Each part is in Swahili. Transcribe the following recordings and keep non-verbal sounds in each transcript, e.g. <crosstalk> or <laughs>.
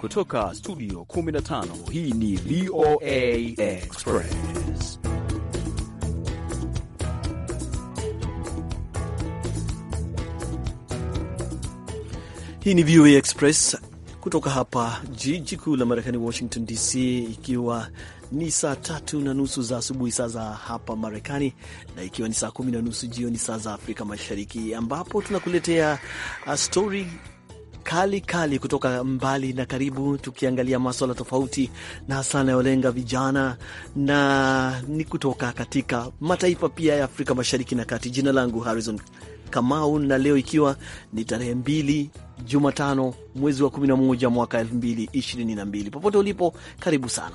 Kutoka studio 15 hii ni VOA Express. Hii ni VOA Express kutoka hapa jiji kuu la Marekani, Washington DC, ikiwa ni saa tatu na nusu za asubuhi saa za hapa Marekani, na ikiwa ni saa kumi na nusu jioni saa za Afrika Mashariki, ambapo tunakuletea uh, stori kali kali kutoka mbali na karibu, tukiangalia maswala tofauti na hasa yanayolenga vijana na ni kutoka katika mataifa pia ya Afrika Mashariki na Kati. Jina langu Harrison Kamau, na leo ikiwa ni tarehe mbili Jumatano mwezi wa 11 mwaka 2022, popote ulipo karibu sana.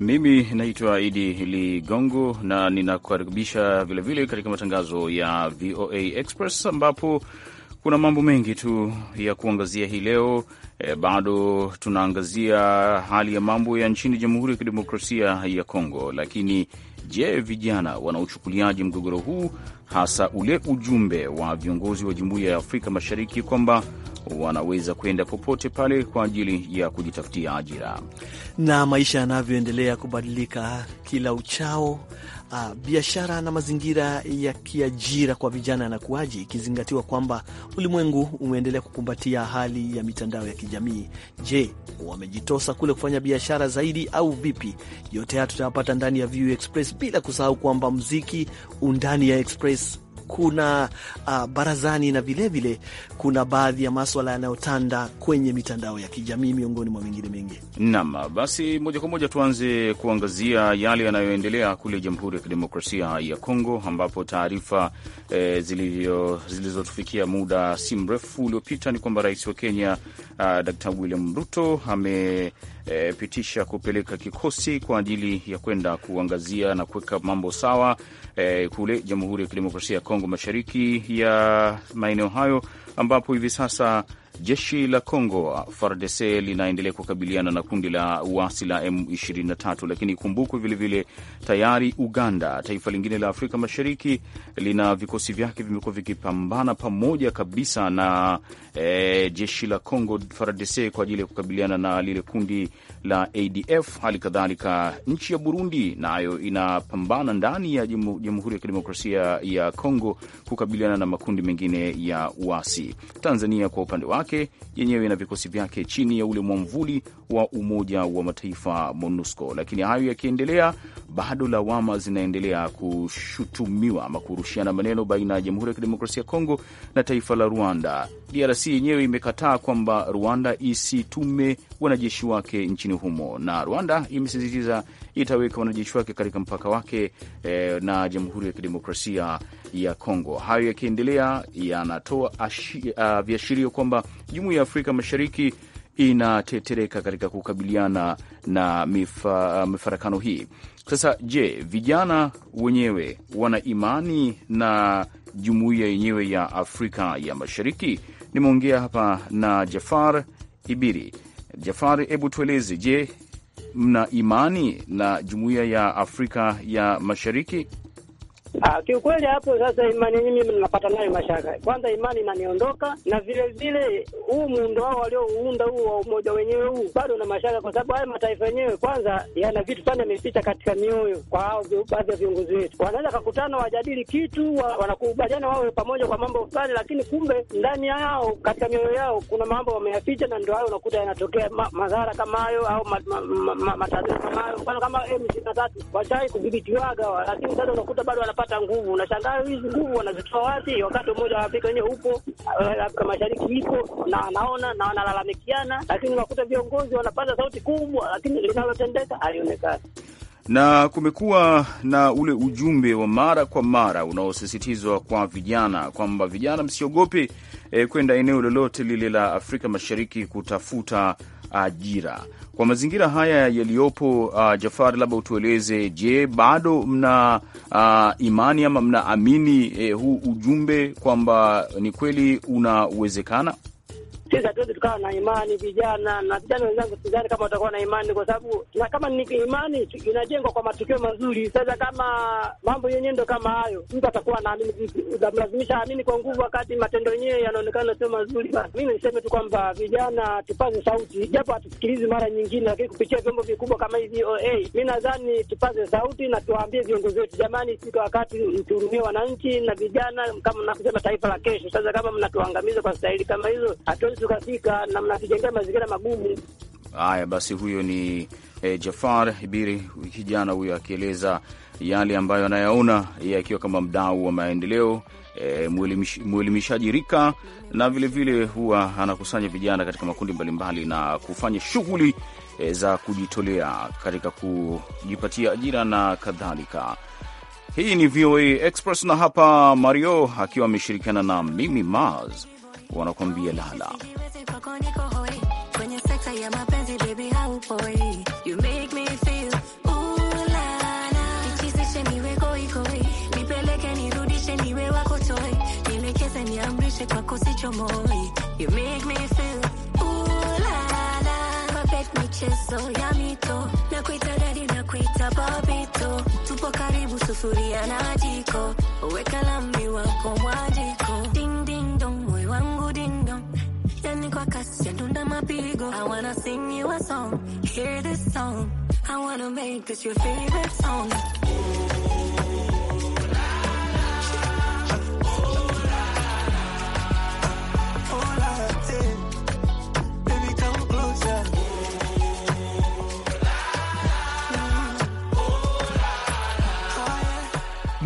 Mimi naitwa Idi Ligongo na ninakukaribisha vilevile katika matangazo ya VOA Express ambapo kuna mambo mengi tu ya kuangazia hii leo e, bado tunaangazia hali ya mambo ya nchini Jamhuri ya Kidemokrasia ya Kongo. Lakini je, vijana wanaochukuliaje mgogoro huu, hasa ule ujumbe wa viongozi wa Jumuiya ya Afrika Mashariki kwamba wanaweza kwenda popote pale kwa ajili ya kujitafutia ajira? Na maisha yanavyoendelea kubadilika kila uchao uh, biashara na mazingira ya kiajira kwa vijana yanakuwaje, ikizingatiwa kwamba ulimwengu umeendelea kukumbatia hali ya mitandao ya kijamii? Je, wamejitosa kule kufanya biashara zaidi au vipi? Yote haya tutayapata ndani ya VU Express, bila kusahau kwamba mziki undani ya Express kuna uh, barazani na vilevile kuna baadhi ya maswala yanayotanda kwenye mitandao ya kijamii miongoni mwa mengine mengi. Naam, basi moja kwa moja tuanze kuangazia yale yanayoendelea kule Jamhuri ya Kidemokrasia ya Kongo ambapo taarifa eh, zilizotufikia muda si mrefu uliopita ni kwamba rais wa Kenya uh, ah, Dkt. William Ruto ame e, pitisha kupeleka kikosi kwa ajili ya kwenda kuangazia na kuweka mambo sawa e, kule Jamhuri ya Kidemokrasia ya Kongo mashariki ya maeneo hayo ambapo hivi sasa Jeshi la Congo FARDC linaendelea kukabiliana na kundi la uasi la M23, lakini ikumbukwe vilevile tayari Uganda, taifa lingine la Afrika Mashariki, lina vikosi vyake vimekuwa vikipambana pamoja kabisa na e, jeshi la Congo FARDC kwa ajili ya kukabiliana na lile kundi la ADF. Hali kadhalika nchi ya Burundi nayo na inapambana ndani ya Jamhuri ya Kidemokrasia ya Congo kukabiliana na makundi mengine ya uasi. Tanzania kwa upande wake yake yenyewe na vikosi vyake chini ya ule mwamvuli wa Umoja wa Mataifa MONUSCO. Lakini hayo yakiendelea, bado lawama zinaendelea kushutumiwa ama kurushiana maneno baina ya Jamhuri ya Kidemokrasia ya Kongo na taifa la Rwanda. DRC yenyewe imekataa kwamba Rwanda isitume wanajeshi wake nchini humo, na Rwanda imesisitiza itaweka wanajeshi wake katika mpaka wake e, na Jamhuri ya Kidemokrasia ya Kongo. Hayo yakiendelea yanatoa ah, viashirio kwamba Jumuiya ya Afrika Mashariki inatetereka katika kukabiliana na mifa, ah, mifarakano hii. Sasa je, vijana wenyewe wana imani na jumuiya yenyewe ya Afrika ya Mashariki? Nimeongea hapa na Jafar Ibiri. Jafar, hebu tueleze, je, mna imani na jumuiya ya Afrika ya Mashariki? Ah, kiukweli hapo sasa imani mimi napata nayo mashaka. Kwanza imani inaniondoka na vile vile huu muundo wao waliouunda huu wa umoja wenyewe huu bado na mashaka kwa sababu haya mataifa yenyewe kwanza yana vitu sana yamepita katika mioyo kwa hao baadhi ya viongozi wetu. Wanaweza kakutana wajadili kitu wa, wanakubaliana wao pamoja kwa mambo fulani lakini kumbe ndani yao katika mioyo yao kuna mambo wameyaficha na ndio hayo unakuta yanatokea ma, madhara kama hayo au matatizo ma, ma, ma, ma, kama hayo mfano kama M23 wachai kudhibitiwaga lakini sasa unakuta bado wanapata nguvu. Unashangaa hizi nguvu wanazitoa wapi, wakati umoja wa Afrika wenyewe upo, eh, Afrika Mashariki ipo, na wanaona na wanalalamikiana, lakini unakuta viongozi wanapata sauti kubwa, lakini linalotendeka halionekani na kumekuwa na ule ujumbe wa mara kwa mara unaosisitizwa kwa vijana kwamba vijana msiogope, eh, kwenda eneo lolote lile la Afrika Mashariki kutafuta ajira. Kwa mazingira haya yaliyopo, uh, Jafar, labda utueleze, je, bado mna uh, imani ama mnaamini eh, huu ujumbe kwamba ni kweli unawezekana? sisi hatuwezi tukawa na imani vijana na vijana wenzangu, sidhani kama watakuwa na imani, kwa sababu na kama ni imani inajengwa kwa matukio mazuri. Sasa kama mambo yenyewe ndo kama hayo, mtu atakuwa naamini vipi? Utamlazimisha amini kwa nguvu, wakati matendo yenyewe yanaonekana sio mazuri. Basi mi niseme tu kwamba vijana tupaze sauti, japo hatusikilizi mara nyingine, lakini kupitia vyombo vikubwa kama hivi VOA, mi nadhani tupaze sauti na tuwaambie viongozi wetu, jamani, sika wakati mtuhurumie wananchi na vijana, kama nakusema taifa la kesho. Sasa kama mnatuangamiza kwa staili kama hizo, hatuwezi tukafika na mnatujengea mazingira magumu. Haya basi, huyo ni eh, Jafar Ibiri kijana huyo akieleza yale ambayo anayaona yeye akiwa kama mdau wa maendeleo e, mwelimishaji rika na vilevile vile huwa anakusanya vijana katika makundi mbalimbali na kufanya shughuli e, za kujitolea katika kujipatia ajira na kadhalika. Hii ni VOA Express na hapa Mario akiwa ameshirikiana na Mimi Mars wanakuambia lahala michezo ya karibu sufuria na jiko, weka lambi wako mwajiko ding ding dong wangu yani kwa kasi mapigo. I wanna sing you a song, hear this song. I wanna make this your favorite song.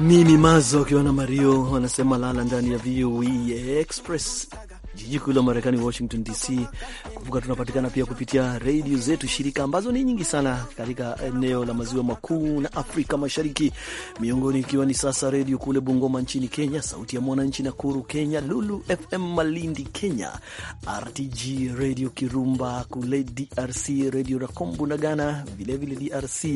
Mimi Mazo akiwa na Mario wanasema lala ndani ya VOA e Express, jiji kuu la Marekani, Washington DC. Kumbuka tunapatikana pia kupitia redio zetu shirika ambazo ni nyingi sana katika eneo la maziwa makuu na Afrika Mashariki, miongoni ikiwa ni sasa redio kule Bungoma nchini Kenya, Sauti ya Mwananchi Nakuru Kenya, Lulu FM Malindi Kenya, RTG redio Kirumba kule DRC, redio Rakombu na Ghana vilevile DRC,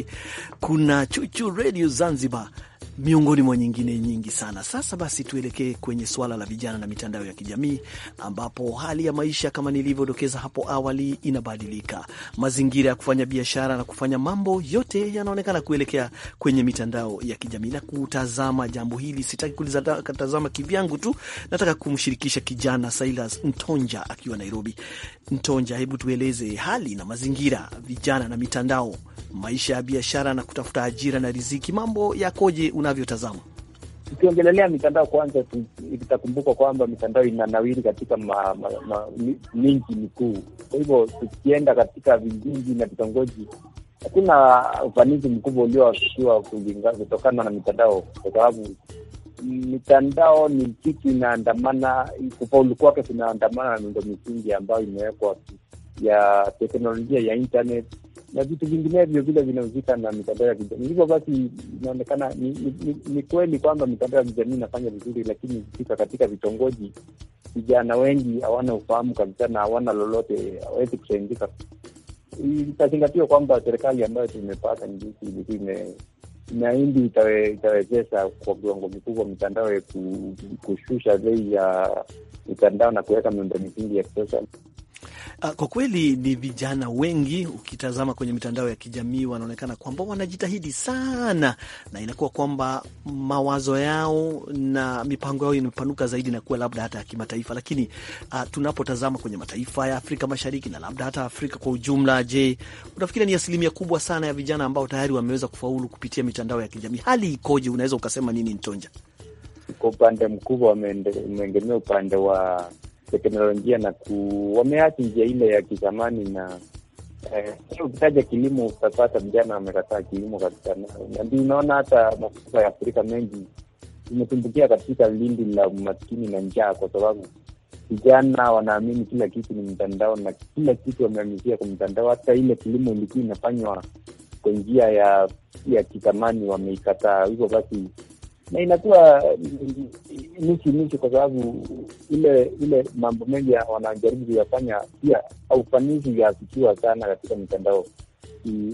kuna Chuchu redio Zanzibar miongoni mwa nyingine nyingi sana. Sasa basi, tuelekee kwenye suala la vijana na mitandao ya kijamii, ambapo hali ya maisha kama nilivyodokeza hapo awali inabadilika. Mazingira ya kufanya biashara na kufanya mambo yote yanaonekana kuelekea kwenye mitandao ya kijamii. Na kutazama jambo hili, sitaki kulitazama kivyangu tu, nataka kumshirikisha kijana Silas Ntonja akiwa Nairobi. Ntonja, hebu tueleze hali na mazingira, vijana na mitandao, maisha ya biashara na kutafuta ajira na riziki, mambo yakoje? unavyotazama? Ukiongelelea mitandao kwanza, itakumbuka kwamba mitandao inanawiri katika ma, ma, ma, mingi mikuu. Kwa hivyo tukienda katika vijiji na vitongoji, hakuna ufanisi mkubwa ulioafikiwa kutokana na mitandao, kwa sababu mitandao ni kitu inaandamana, kufaulu kwake kunaandamana na miundo misingi ambayo imewekwa ya teknolojia ya internet na vitu vinginevyo vile vinahusika na mitandao ya kijamii. Hivyo basi inaonekana ni, ni, ni, ni kweli kwamba mitandao ya kijamii inafanya vizuri, lakini ikifika katika vitongoji, vijana wengi hawana ufahamu kabisa na hawana lolote, hawezi kusaidika. Itazingatiwa kwamba serikali ambayo tumepata njusi ilikuwa naindi itawezesha kwa viwango vikubwa mitandao ya kushusha bei ya mitandao na kuweka miundo misingi ya kutosha. Ah, kwa kweli ni vijana wengi, ukitazama kwenye mitandao ya kijamii, wanaonekana kwamba wanajitahidi sana, na inakuwa kwamba mawazo yao na mipango yao imepanuka zaidi na kuwa labda hata ya kimataifa. Lakini uh, tunapotazama kwenye mataifa ya Afrika Mashariki na labda hata Afrika kwa ujumla, je, unafikiri ni asilimia kubwa sana ya vijana ambao tayari wameweza kufaulu kupitia mitandao ya kijamii? Hali ikoje? Unaweza ukasema nini, Ntonja? Kwa upande mkubwa umeengemea upande wa teknolojia na ku wameacha njia ile ya kizamani na eh, ukitaja kilimo utapata vijana wamekataa kilimo kabisa, na ndio unaona hata mafuta ya Afrika mengi imetumbukia katika lindi la umaskini na njaa, kwa sababu vijana wanaamini kila kitu ni mtandao na kila kitu wameamizia kwa mtandao. Hata ile kilimo ilikuwa inafanywa kwa njia ya ya kizamani wameikataa. Hivyo basi na inakuwa nusu nusu, kwa sababu ile ile mambo mengi wanajaribu kuyafanya pia aufanisi yafikiwa sana katika mitandao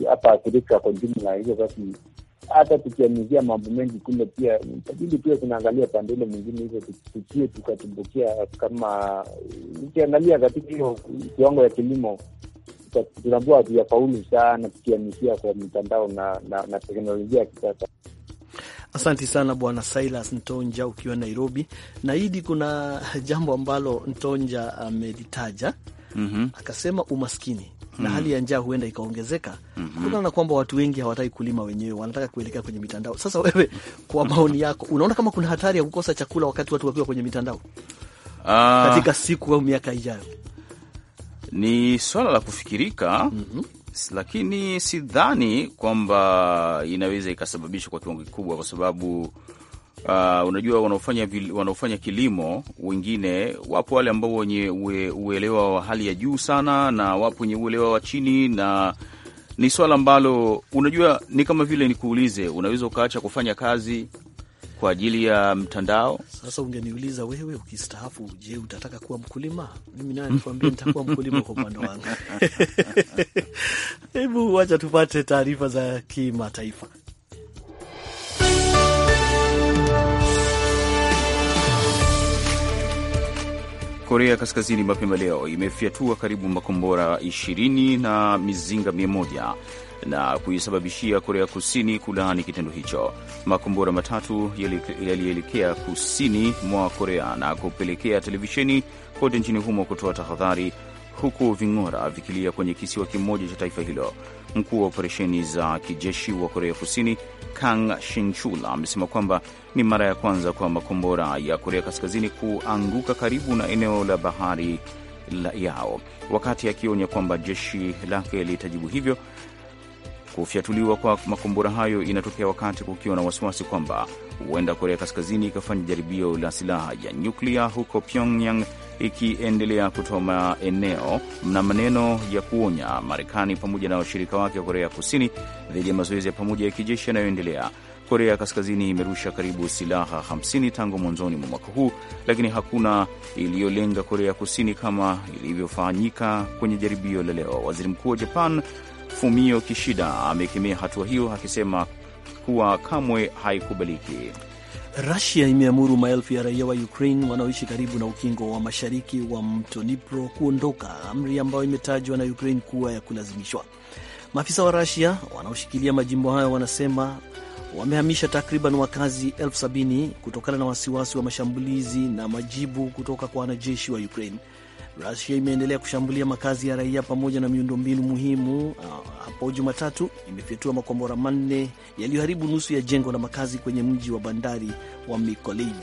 hapa Afrika kwa jumla. Hivyo basi hata tukiamizia mambo mengi kule, pia itabidi pia tunaangalia pande ile mwingine, hivyo tukie tukatumbukia. Kama ukiangalia katika hiyo kiwango ya kilimo, tunakuwa hatujafaulu sana tukiamizia kwa mitandao na, na, na teknolojia ya kisasa. Asanti sana bwana Silas Ntonja ukiwa Nairobi. Na Idi, kuna jambo ambalo Ntonja amelitaja mm -hmm. akasema umaskini na mhm. hali ya njaa huenda ikaongezeka mhm. kutokana na kwamba watu wengi hawataki kulima wenyewe, wanataka kuelekea kwenye mitandao. Sasa wewe, kwa <laughs> maoni yako, unaona kama kuna hatari ya kukosa chakula wakati watu wakiwa kwenye mitandao ah. katika siku au miaka ijayo? ni swala la kufikirika mm -hmm. Lakini sidhani kwamba inaweza ikasababishwa kwa kiwango kikubwa, kwa sababu uh, unajua wanaofanya, wanaofanya kilimo wengine wapo wale ambao wenye ue, uelewa wa hali ya juu sana na wapo wenye uelewa wa chini, na ni swala ambalo unajua ni kama vile nikuulize, unaweza ukaacha kufanya kazi kwa ajili ya mtandao. Sasa ungeniuliza wewe, ukistaafu, je, utataka kuwa mkulima? Mimi naye nikuambia nitakuwa mkulima kwa upande wangu. <laughs> Hebu wacha tupate taarifa za kimataifa. Korea Kaskazini mapema leo imefyatua karibu makombora 20 na mizinga na kuisababishia Korea Kusini kulaani kitendo hicho. Makombora matatu yalielekea kusini mwa Korea na kupelekea televisheni kote nchini humo kutoa tahadhari huku ving'ora vikilia kwenye kisiwa kimoja cha taifa hilo. Mkuu wa operesheni za kijeshi wa Korea Kusini Kang Shinchula amesema kwamba ni mara ya kwanza kwa makombora ya Korea Kaskazini kuanguka karibu na eneo la bahari la yao, wakati akionya kwamba jeshi lake litajibu hivyo Kufyatuliwa kwa makombora hayo inatokea wakati kukiwa na wasiwasi kwamba huenda Korea Kaskazini ikafanya jaribio la silaha ya nyuklia, huko Pyongyang ikiendelea kutoa maeneo na maneno ya kuonya Marekani pamoja na washirika wake wa Korea Kusini dhidi ya mazoezi ya pamoja ya kijeshi yanayoendelea. Korea Kaskazini imerusha karibu silaha 50 tangu mwanzoni mwa mwaka huu, lakini hakuna iliyolenga Korea Kusini kama ilivyofanyika kwenye jaribio la leo. Waziri Mkuu wa Japan Fumio Kishida amekemea hatua hiyo akisema kuwa kamwe haikubaliki. Rusia imeamuru maelfu ya raia wa Ukraine wanaoishi karibu na ukingo wa mashariki wa mto Dnipro kuondoka, amri ambayo imetajwa na Ukraine kuwa ya kulazimishwa. Maafisa wa Rusia wanaoshikilia majimbo hayo wanasema wamehamisha takriban wakazi elfu sabini kutokana na wasiwasi wa mashambulizi na majibu kutoka kwa wanajeshi wa Ukraine. Rusia imeendelea kushambulia makazi ya raia pamoja na miundombinu muhimu. Uh, hapo Jumatatu imefyatua makombora manne yaliyoharibu nusu ya jengo la makazi kwenye mji wa bandari wa Mykolaiv.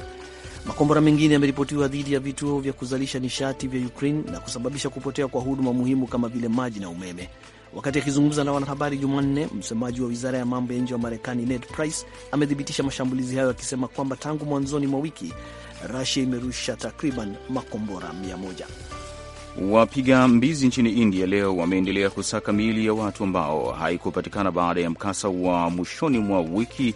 Makombora mengine yameripotiwa dhidi ya vituo vya kuzalisha nishati vya Ukraine na kusababisha kupotea kwa huduma muhimu kama vile maji na umeme. Wakati akizungumza na wanahabari Jumanne, msemaji wa wizara ya mambo ya nje wa Marekani Ned Price amethibitisha mashambulizi hayo akisema kwamba tangu mwanzoni mwa wiki Rusia imerusha takriban makombora 100. Wapiga mbizi nchini India leo wameendelea kusaka miili ya watu ambao haikupatikana baada ya mkasa wa mwishoni mwa wiki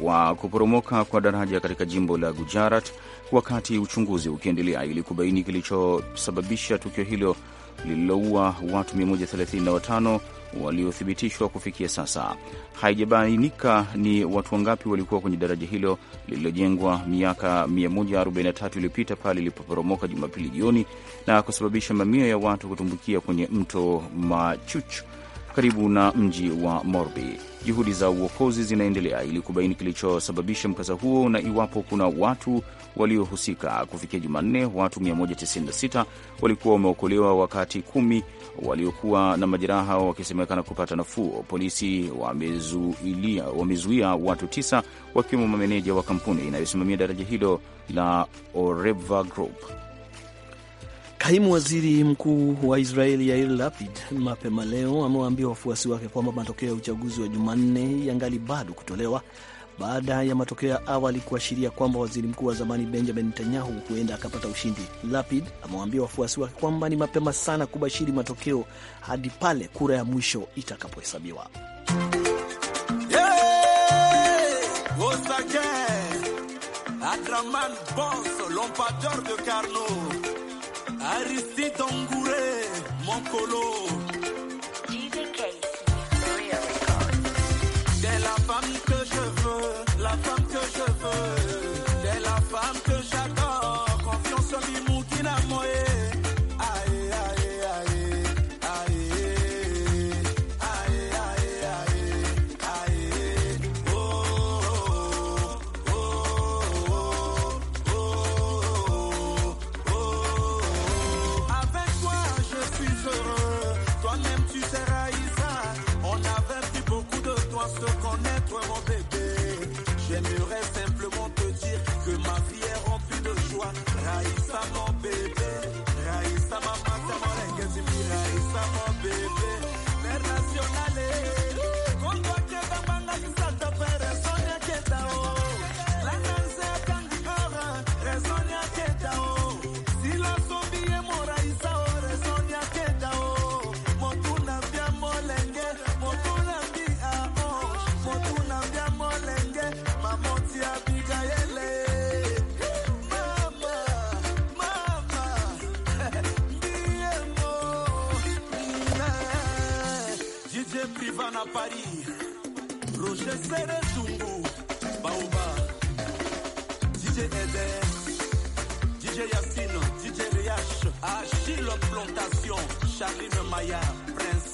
wa kuporomoka kwa daraja katika jimbo la Gujarat, wakati uchunguzi ukiendelea ili kubaini kilichosababisha tukio hilo lililoua watu 135 waliothibitishwa kufikia sasa. Haijabainika ni watu wangapi walikuwa kwenye daraja hilo lililojengwa miaka 143 iliyopita pale lilipoporomoka Jumapili jioni na kusababisha mamia ya watu kutumbukia kwenye mto machuch karibu na mji wa Morbi. Juhudi za uokozi zinaendelea ili kubaini kilichosababisha mkasa huo na iwapo kuna watu waliohusika. Kufikia Jumanne, watu 196 walikuwa wameokolewa wakati kumi waliokuwa na majeraha wakisemekana kupata nafuu. Polisi wamezuia watu tisa wakiwemo mameneja wa kampuni inayosimamia daraja hilo la Oreva Group. Kaimu waziri mkuu wa Israeli Yair Lapid mapema leo amewaambia wafuasi wake kwamba matokeo ya uchaguzi wa Jumanne yangali bado kutolewa baada ya matokeo ya awali kuashiria kwamba waziri mkuu wa zamani Benjamin Netanyahu huenda akapata ushindi. Lapid amewaambia wafuasi wake kwamba ni mapema sana kubashiri matokeo hadi pale kura ya mwisho itakapohesabiwa. Yeah, from Jojo. Priva na à Paris, Roger Serezumbu, Baoba, DJ Eder, DJ Yassine, DJ Riach, Achille Plantation, Charline Maya, Prince.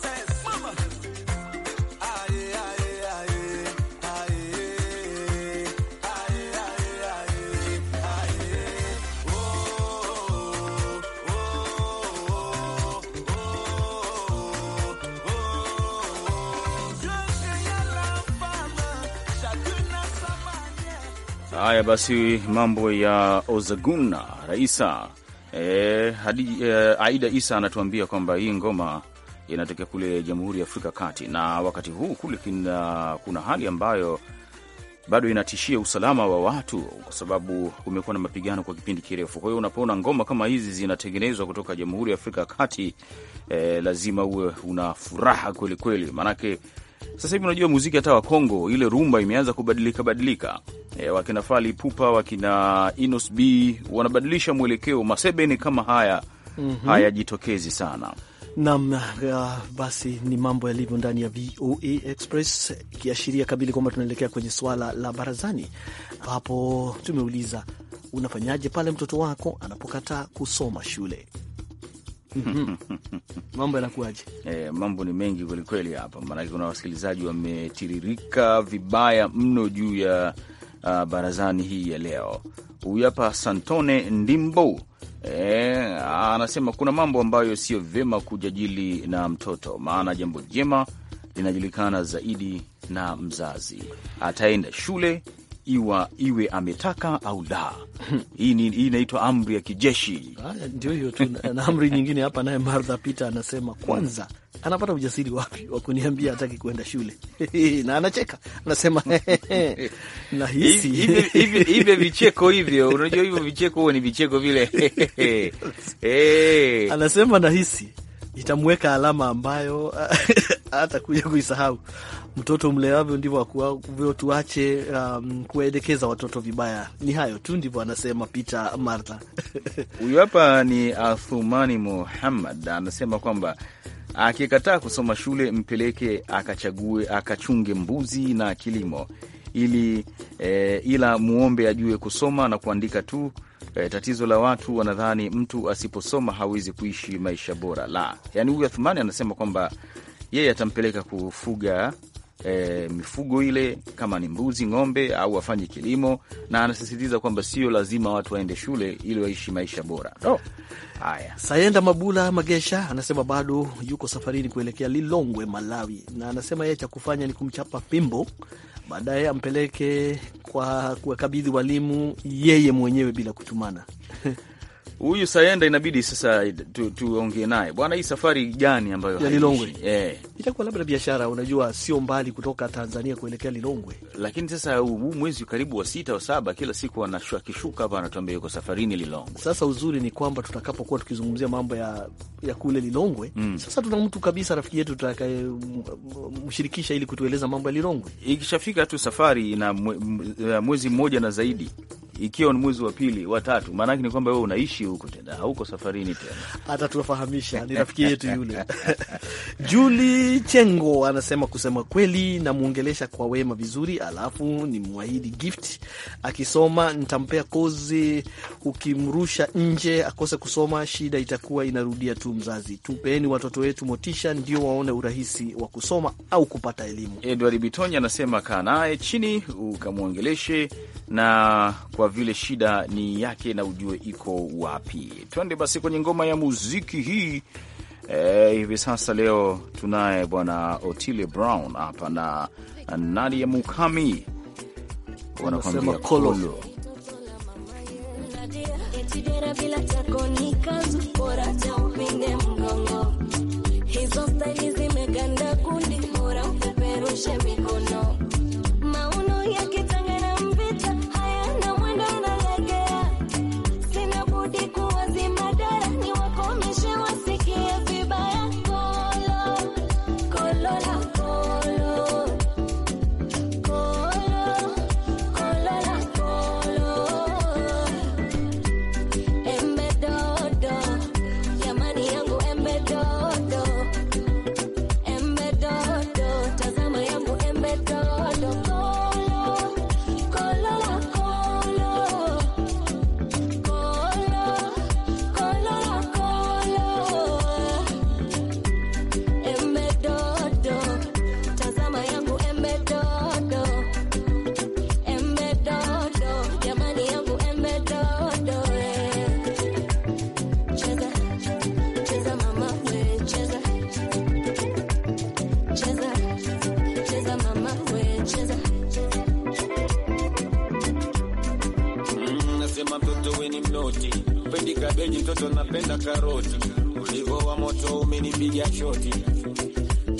Haya basi, mambo ya Ozaguna Raisa e, hadi, e, Aida Isa anatuambia kwamba hii ngoma inatokea kule Jamhuri ya Afrika Kati, na wakati huu kule kina, kuna hali ambayo bado inatishia usalama wa watu kwa sababu kumekuwa na mapigano kwa kipindi kirefu. Kwa hiyo unapoona ngoma kama hizi zinatengenezwa kutoka Jamhuri ya Afrika ya Kati eh, lazima uwe una furaha kwelikweli, maanake sasa hivi unajua muziki hata wa Kongo ile rumba imeanza kubadilika badilika e, wakina Fali Pupa, wakina Inos B wanabadilisha mwelekeo. Masebeni kama haya mm -hmm. hayajitokezi sana Nam uh, eh, basi ni mambo yalivyo ndani ya VOA Express, ikiashiria kabili kwamba tunaelekea kwenye suala la barazani, ambapo tumeuliza unafanyaje pale mtoto wako anapokataa kusoma shule? <laughs> Mambo yanakuaje? E, eh, mambo ni mengi kwelikweli hapa, maanake kuna wasikilizaji wametiririka vibaya mno juu ya uh, barazani hii ya leo. Huyu hapa Santone Ndimbo e, anasema kuna mambo ambayo sio vyema kujadili na mtoto, maana jambo jema linajulikana zaidi na mzazi. Ataenda shule iwa iwe ametaka au la. Hii inaitwa amri ya kijeshi. Ndio hiyo tu, na amri nyingine hapa. Naye Martha Peter anasema kwanza anapata ujasiri wapi wa kuniambia hataki kuenda shule? <laughs> na anacheka anasema, <laughs> nahisi hivyo vicheko hivyo, unajua hivyo vicheko, huo ni vicheko vile <laughs> eh. anasema nahisi itamweka alama ambayo <laughs> kuja kuisahau. Mtoto mlewavyo ndivyo tuache um, kuwaelekeza watoto vibaya. Ni hayo tu ndivyo anasema Peter Martha. <laughs> Huyu hapa ni Athumani Muhammad anasema kwamba akikataa kusoma shule mpeleke akachague akachunge mbuzi na kilimo ili, e, ila muombe ajue kusoma na kuandika tu e, tatizo la watu wanadhani mtu asiposoma hawezi kuishi maisha bora. La, yani huyu Athumani anasema kwamba yeye atampeleka kufuga e, mifugo ile kama ni mbuzi, ng'ombe au wafanye kilimo, na anasisitiza kwamba sio lazima watu waende shule ili waishi maisha bora. Oh. Haya, Sayenda Mabula Magesha anasema bado yuko safarini kuelekea Lilongwe, Malawi, na anasema yeye cha kufanya ni kumchapa pimbo, baadaye ampeleke kwa kuwakabidhi walimu yeye mwenyewe bila kutumana <laughs> huyu Sayenda inabidi sasa tuongee tu, naye bwana, hii safari gani ambayo ya Lilongwe eh, itakuwa labda biashara, unajua sio mbali kutoka Tanzania kuelekea Lilongwe, lakini sasa huu mwezi karibu wa sita wa saba, kila siku anashakishuka hapa, anatuambia yuko safarini Lilongwe. Sasa uzuri ni kwamba tutakapokuwa tukizungumzia mambo ya, ya kule Lilongwe mm. Sasa tuna mtu kabisa rafiki yetu tutakayemshirikisha ili kutueleza mambo ya Lilongwe. Ikishafika tu safari ina mwezi mmoja na zaidi, ikiwa ni mwezi wa pili wa tatu, maanake ni kwamba wewe unaishi huko tena, hauko safarini tena, atatufahamisha ni rafiki yetu yule. <laughs> Juli Chengo anasema kusema kweli, namwongelesha kwa wema vizuri, alafu ni mwahidi gift, akisoma ntampea kozi. Ukimrusha nje akose kusoma, shida itakuwa inarudia tu. Mzazi, tupeeni watoto wetu motisha, ndio waone urahisi wa kusoma au kupata elimu. Edward Bitonya anasema kaa naye chini ukamwongeleshe, na kwa vile shida ni yake na ujue iko wapi wapi. Twende basi kwenye ngoma ya muziki hii eh, hivi sasa leo tunaye bwana Otile Brown hapa na Nadia Mukami wanakwambia Kololo.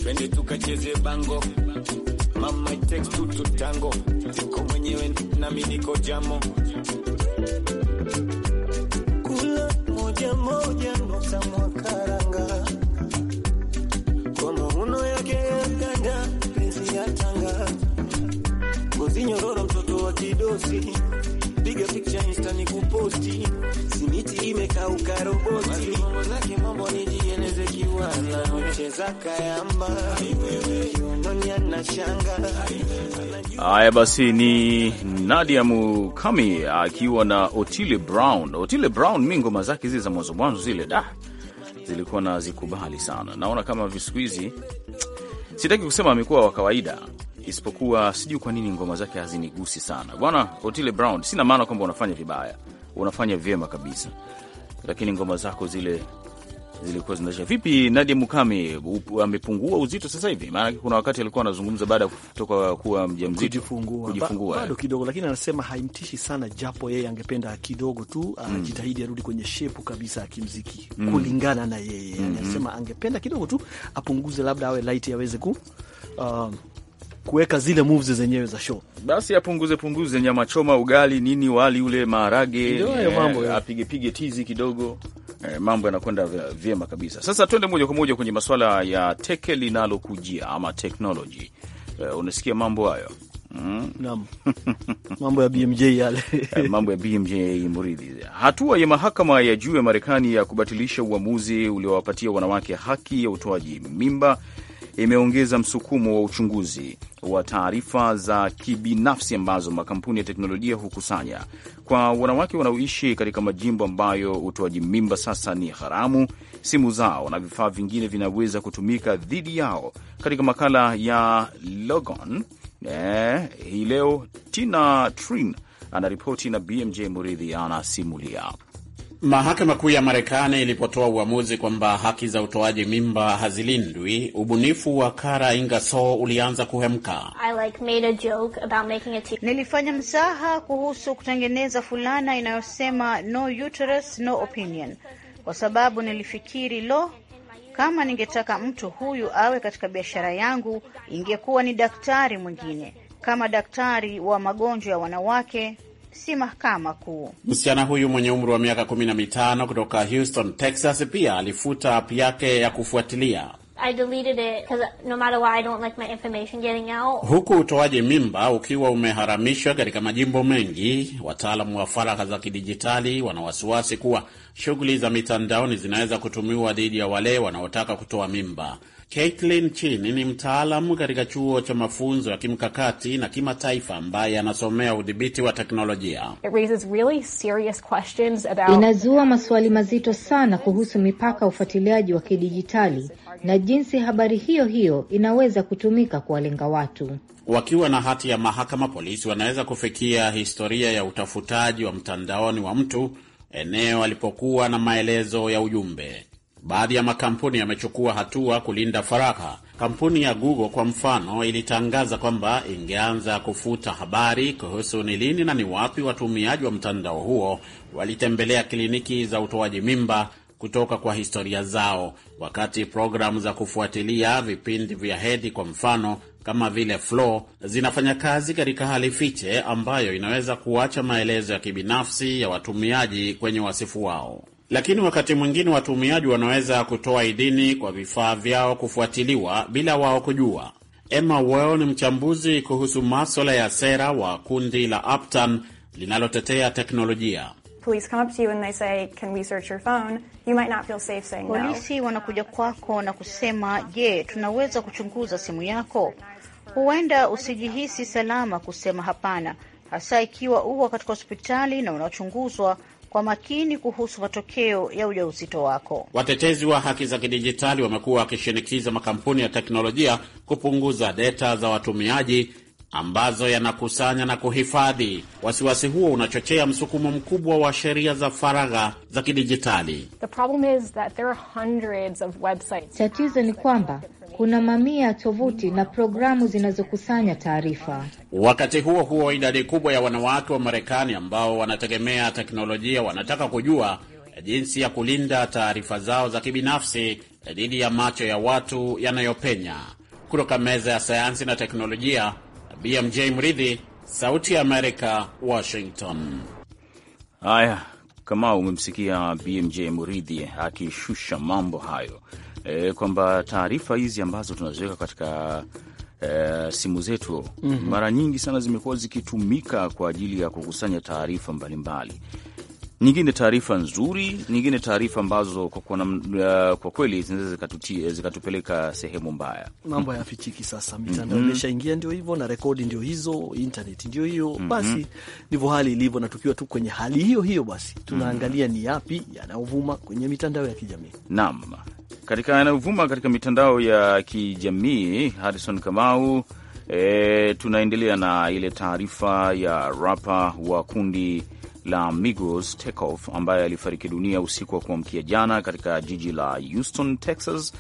twende tukacheze bango, mama takes two to tango, niko mwenyewe nami niko jamo, kula moja moja nota mwakaranga kwa mahuno yake ya penzi ya ngozi nyororo mtoto wa kidosi Piga picha insta ni kuposti, simiti imekauka roboti, mambo zake mambo ni nijieleze kiwana, ucheza kayamba Haya basi, ni Nadia Mukami akiwa na Otile Brown. Otile Brown, mi ngoma zake zile za mwanzo mwanzo zile da zilikuwa na zikubali sana. Naona kama visiku hizi, sitaki kusema amekuwa wa kawaida, isipokuwa sijui kwa nini ngoma zake hazinigusi sana. Bwana Otile Brown, sina maana kwamba unafanya vibaya, unafanya vyema kabisa, lakini ngoma zako zile zilikuwa zinaisha vipi? Nadia Mukami amepungua uzito sasa hivi? Maanake kuna wakati alikuwa anazungumza baada ya kutoka kuwa mjamzito kujifungua, kujifungua bado kidogo, lakini anasema haimtishi sana, japo yeye angependa kidogo tu mm. ajitahidi, mm, arudi kwenye shepu kabisa akimziki, mm, kulingana na yeye mm -hmm. Anasema angependa kidogo tu apunguze, labda awe light aweze ku um, kuweka zile moves zenyewe za show, basi apunguze punguze nyama choma, ugali, nini, wali ule, maharage, eh, mambo eh, pige tizi kidogo eh, mambo yanakwenda vyema kabisa. Sasa twende moja kwa moja kwenye masuala ya teke linalokujia ama technology. Eh, unasikia mambo hayo Mm. <laughs> Mambo ya BMJ yale. <laughs> Eh, mambo ya BMJ Muridhi. Hatua ya mahakama ya juu ya Marekani ya kubatilisha uamuzi uliowapatia wanawake haki ya utoaji mimba imeongeza msukumo wa uchunguzi wa taarifa za kibinafsi ambazo makampuni ya teknolojia hukusanya kwa wanawake wanaoishi katika majimbo ambayo utoaji mimba sasa ni haramu. Simu zao na vifaa vingine vinaweza kutumika dhidi yao. Katika makala ya Logon eh, hii leo Tina Trin anaripoti na BMJ Muridhi anasimulia. Mahakama Kuu ya Marekani ilipotoa uamuzi kwamba haki za utoaji mimba hazilindwi, ubunifu wa Kara Ingersoll ulianza kuhemka. Like nilifanya mzaha kuhusu kutengeneza fulana inayosema no uterus, no opinion, kwa sababu nilifikiri lo, kama ningetaka mtu huyu awe katika biashara yangu ingekuwa ni daktari mwingine, kama daktari wa magonjwa ya wanawake si mahakama kuu. Msichana huyu mwenye umri wa miaka kumi na mitano kutoka Houston, Texas, pia alifuta app yake ya kufuatilia I deleted it because no matter why I don't like my information getting out. Huku utoaji mimba ukiwa umeharamishwa katika majimbo mengi, wataalamu wa faragha za kidijitali wana wasiwasi kuwa shughuli za mitandaoni zinaweza kutumiwa dhidi ya wale wanaotaka kutoa mimba. Caitlin Chin ni mtaalamu katika chuo cha mafunzo ya kimkakati na kimataifa ambaye anasomea udhibiti wa teknolojia. Really about... inazua maswali mazito sana kuhusu mipaka ya ufuatiliaji wa kidijitali na jinsi habari hiyo hiyo inaweza kutumika kuwalenga watu. Wakiwa na hati ya mahakama, polisi wanaweza kufikia historia ya utafutaji wa mtandaoni wa mtu, eneo alipokuwa na maelezo ya ujumbe. Baadhi ya makampuni yamechukua hatua kulinda faragha. Kampuni ya Google kwa mfano ilitangaza kwamba ingeanza kufuta habari kuhusu ni lini na ni wapi watumiaji wa mtandao huo walitembelea kliniki za utoaji mimba kutoka kwa historia zao, wakati programu za kufuatilia vipindi vya hedhi kwa mfano kama vile Flow zinafanya kazi katika hali fiche ambayo inaweza kuacha maelezo ya kibinafsi ya watumiaji kwenye wasifu wao. Lakini wakati mwingine watumiaji wanaweza kutoa idhini kwa vifaa vyao kufuatiliwa bila wao kujua. Emma Well ni mchambuzi kuhusu maswala ya sera wa kundi la Aptan linalotetea teknolojia. Polisi wanakuja kwako na kusema, je, tunaweza kuchunguza simu yako? Huenda usijihisi salama kusema hapana, hasa ikiwa uwa katika hospitali na unachunguzwa kwa makini kuhusu matokeo ya ujauzito wako. Watetezi wa haki za kidijitali wamekuwa wakishinikiza makampuni ya teknolojia kupunguza deta za watumiaji ambazo yanakusanya na kuhifadhi. Wasiwasi huo unachochea msukumo mkubwa wa sheria za faragha za kidijitali. Tatizo ni kwamba kuna mamia ya tovuti na programu zinazokusanya taarifa. Wakati huo huo, idadi kubwa ya wanawake wa Marekani ambao wanategemea teknolojia wanataka kujua jinsi ya kulinda taarifa zao za kibinafsi dhidi ya macho ya watu yanayopenya. Kutoka meza ya sayansi na teknolojia BMJ Mridhi, Sauti ya Amerika, Washington. Haya, kama umemsikia BMJ Muridhi akishusha mambo hayo e, kwamba taarifa hizi ambazo tunaziweka katika e, simu zetu mm -hmm. mara nyingi sana zimekuwa zikitumika kwa ajili ya kukusanya taarifa mbalimbali nyingine taarifa nzuri, nyingine taarifa ambazo kwa, kwa, uh, kwa kweli zinaweza eh, zikatupeleka sehemu mbaya. Mambo yafichiki sasa, mhm. mitandao mm -hmm. imeshaingia, ndio hivyo, na rekodi ndio hizo, intaneti ndio hiyo mm -hmm. Basi ndivyo hali ilivyo, na tukiwa tu kwenye hali hiyo hiyo, basi tunaangalia mhm. ni yapi yanayovuma kwenye mitandao ya kijamii naam, katika yanayovuma katika mitandao ya kijamii Harrison Kamau. E, tunaendelea na ile taarifa ya rapa wa kundi la Migos Takeoff ambaye alifariki dunia usiku wa kuamkia jana katika jiji la Houston, Texas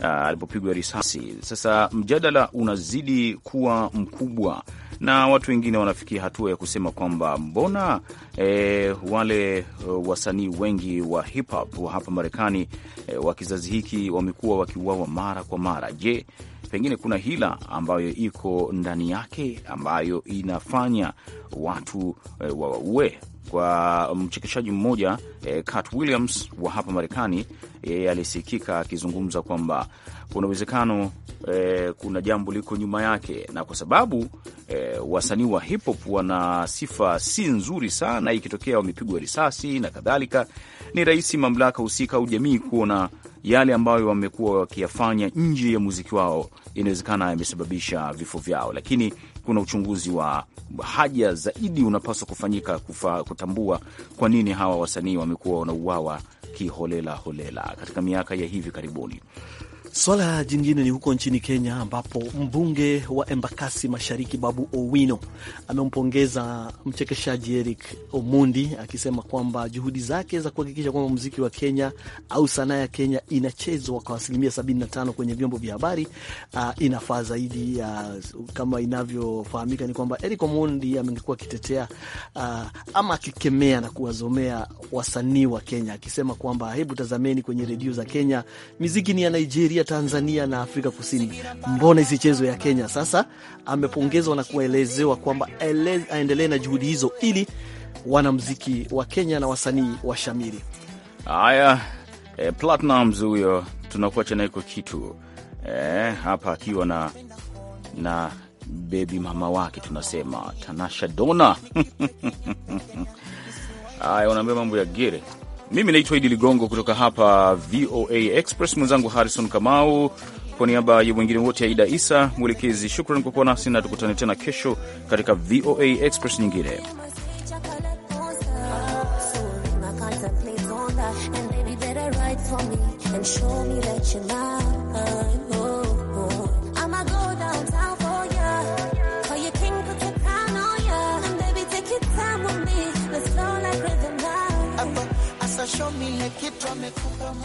uh, alipopigwa risasi. Sasa mjadala unazidi kuwa mkubwa na watu wengine wanafikia hatua ya kusema kwamba mbona e, wale eh, wasanii wengi wa hip hop wa hapa Marekani e, wa kizazi hiki wamekuwa wakiuawa mara kwa mara. Je, pengine kuna hila ambayo iko ndani yake ambayo inafanya watu e, waue kwa mchekeshaji mmoja e, Cat Williams wa hapa Marekani yeye alisikika akizungumza kwamba kuna uwezekano e, kuna jambo liko nyuma yake, na kwa sababu e, wasanii wa hip hop wana sifa si nzuri sana, ikitokea wamepigwa risasi na kadhalika, ni rahisi mamlaka husika au jamii kuona yale ambayo wamekuwa wakiyafanya nje ya muziki wao inawezekana yamesababisha vifo vyao, lakini kuna uchunguzi wa haja zaidi unapaswa kufanyika kufa, kutambua kwa nini hawa wasanii wamekuwa wanauawa kiholela holela katika miaka ya hivi karibuni. Swala jingine ni huko nchini Kenya, ambapo mbunge wa Embakasi Mashariki Babu Owino amempongeza mchekeshaji Eric omundi akisema kwamba juhudi zake za kuhakikisha kwamba muziki wa Kenya au sanaa ya Kenya inachezwa kwa asilimia 75 kwenye vyombo vya habari uh, inafaa zaidi. Uh, kama inavyofahamika ni kwamba Eric omundi amekuwa akitetea uh, ama akikemea na kuwazomea wasanii wa Kenya akisema kwamba hebu tazameni kwenye redio za Kenya, miziki ni ya Nigeria Tanzania na Afrika Kusini, mbona isichezwe ya Kenya? Sasa amepongezwa na kuelezewa kwamba aendelee na juhudi hizo ili wanamziki wa Kenya na wasanii wa shamiri. Haya, e, Platnumz huyo tunakuacha naye iko kitu e, hapa akiwa na na bebi mama wake tunasema Tanasha Dona. <laughs> Haya, unaambia mambo ya gere mimi naitwa Idi Ligongo kutoka hapa VOA Express, mwenzangu Harrison Kamau kwa niaba ya wengine wote, Aida Isa mwelekezi, shukran kwa kuwa nasi na tukutane tena kesho katika VOA Express nyingine. show me hekito amekupa